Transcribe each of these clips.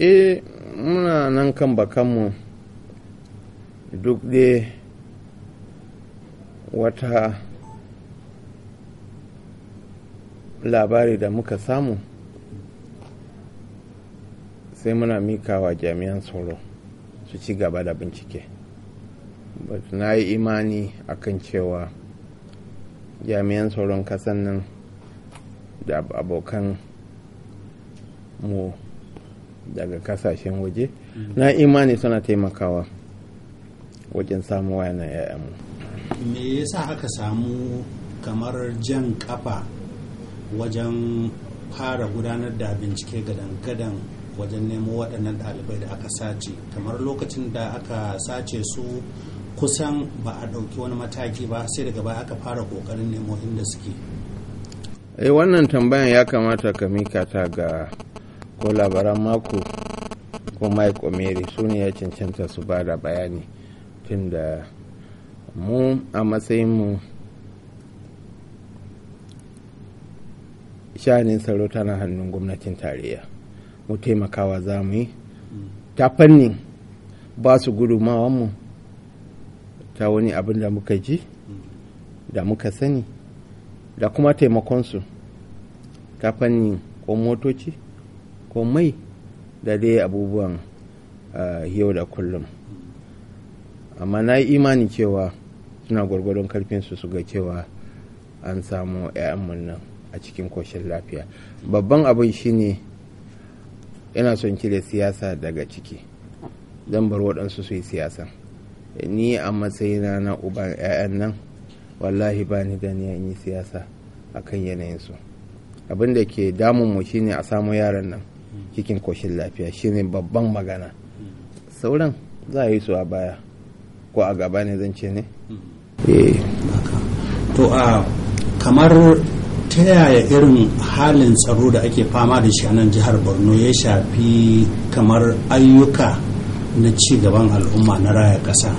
E muna nan kan bakanmu duk da wata labari da muka samu sai muna mikawa jami'an tsaro su ci gaba da bincike na yi imani akan cewa jami'an tsoron kasan nan da abokan mu daga kasashen waje na imani suna taimakawa wajen samu wayan mu. me yasa aka samu kamar jan kafa wajen fara gudanar da bincike gadan-gadan wajen nemo waɗannan ɗalibai da aka sace kamar lokacin da aka sace su kusan ba a ɗauki wani mataki ba sai daga baya aka fara ƙoƙarin nemo inda suke eh wannan tambayan ya kamata ka mika ta ga ko labaran mako ko mike omeri su ne ya cancanta su ba da bayani tun da mu a matsayinmu shanin tsaro tana hannun gwamnatin tarayya mu taimakawa za mu yi ta fannin ba su mu ta wani abin da muka ji da muka sani da kuma taimakonsu ta fannin ko motoci komai da dai abubuwan yau da kullum amma na yi imani cewa suna gwargwadon karfinsu su ga cewa an samu 'ya'yanmu nan a cikin koshin lafiya babban abin shine yana son cire siyasa daga ciki zan bar waɗansu su yi siyasa ni a matsayina na uban 'ya'yan nan wallahi ba ni da niyan yi siyasa akan yanayinsu abin da ke damun mu shine a samu yaran nan cikin koshin lafiya shine babban magana sauran za a yi su a baya ko a gaba ne zan ce ne mm-hmm. eh, to a kamar ta yaya irin halin tsaro da ake fama da shi a nan jihar borno ya shafi kamar ayyuka na ci gaban al'umma na raya ƙasa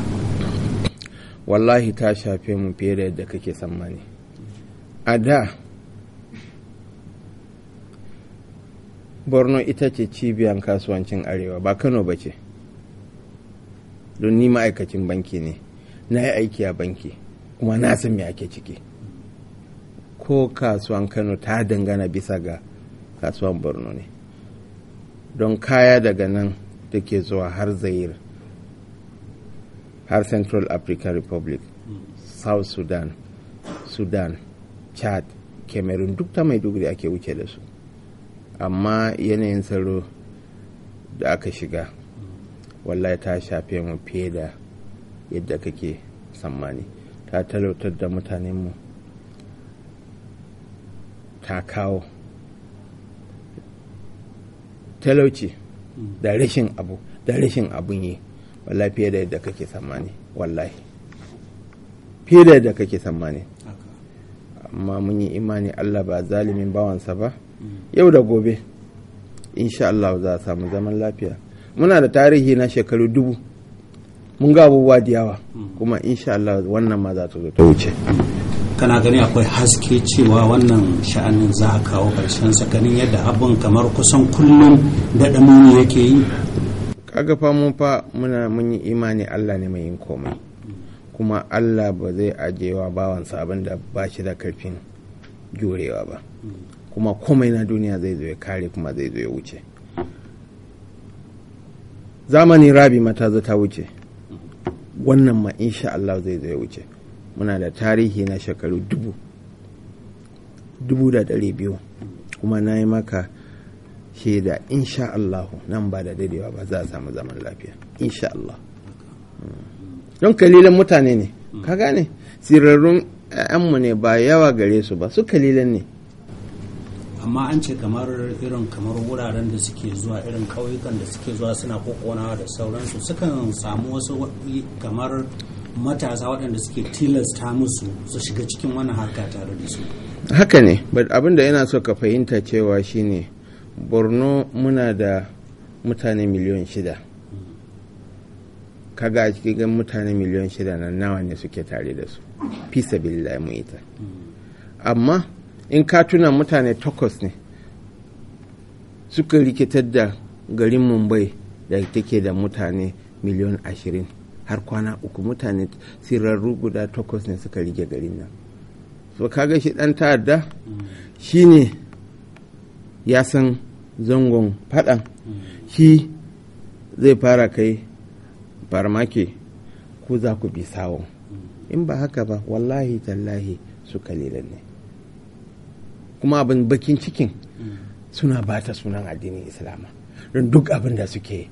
wallahi ta shafe mu fiye da yadda kake tsammani a da borno ita ce cibiyar kasuwancin arewa ba kano ba ce don ni ma'aikacin banki ne na yi aiki a banki kuma na san me ake ciki ko kasuwan kano ta dangana bisa ga kasuwan borno ne don kaya daga nan da ke zuwa har zaire har central african republic south sudan sudan chad cameroon duk ta da ake wuce da su amma yanayin tsaro da aka shiga wallahi ta shafe mu fiye da yadda kake tsammani ta talautar da mutanenmu ta kawo talauci da rashin abu da rashin abun yi wallahi fiye da yadda kake tsammani wallahi fiye da yadda kake tsammani amma mun yi imani allah ba zalimin bawansa ba yau da gobe insha Allah za a samu zaman lafiya muna da tarihi na shekaru dubu mun ga abubuwa da yawa kuma insha Allah wannan ma za ta zo ta wuce kana gani akwai haske cewa wannan sha'anin za a kawo karshen sa ganin yadda abun kamar kusan kullum da damuni yake yi kaga fa mun fa muna mun yi imani Allah ne mai yin komai kuma Allah ba zai ajewa bawansa abin da ba shi da karfin jurewa ba kuma komai na duniya zai zo ya kare kuma zai zo ya wuce zamani rabi mata ta wuce wannan ma insha Allah zai zo ya wuce muna da tarihi na shekaru dubu dubu da ɗari biyu kuma na yi maka shaida insha Allah nan ba da dadewa ba za a samu zaman lafiya insha Allah hmm. don kalilan mutane ne ka gane sirrarrun 'ya'yanmu ne ba yawa gare su ba su kalilan ne amma an ce kamar irin kamar wuraren da suke zuwa irin kauyukan da suke zuwa suna kokonawa da sauransu sukan samu wasu kamar matasa waɗanda suke tilasta musu su shiga cikin wannan harka tare da su haka ne abin da yana so ka fahimta cewa shine borno muna da mutane miliyan shida kaga a cikin mutane miliyan shida na nawa ne suke tare da su fisa billahi mu ita mm. amma in ka tuna mutane takwas ne suka rikitar da garin mumbai da take da mutane miliyan ashirin har kwana uku mutane sirarru guda takwas ne suka rige garin nan so kaga shi dan ta'adda shi ne ya san zangon fadan shi zai fara kai farmaki ku za ku bi sawon in ba haka ba wallahi tallahi su kalilan ne kuma abin bakin cikin suna ba ta sunan addinin islam don duk abin da suke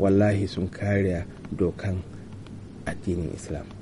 wallahi sun kariya dokan addinin islam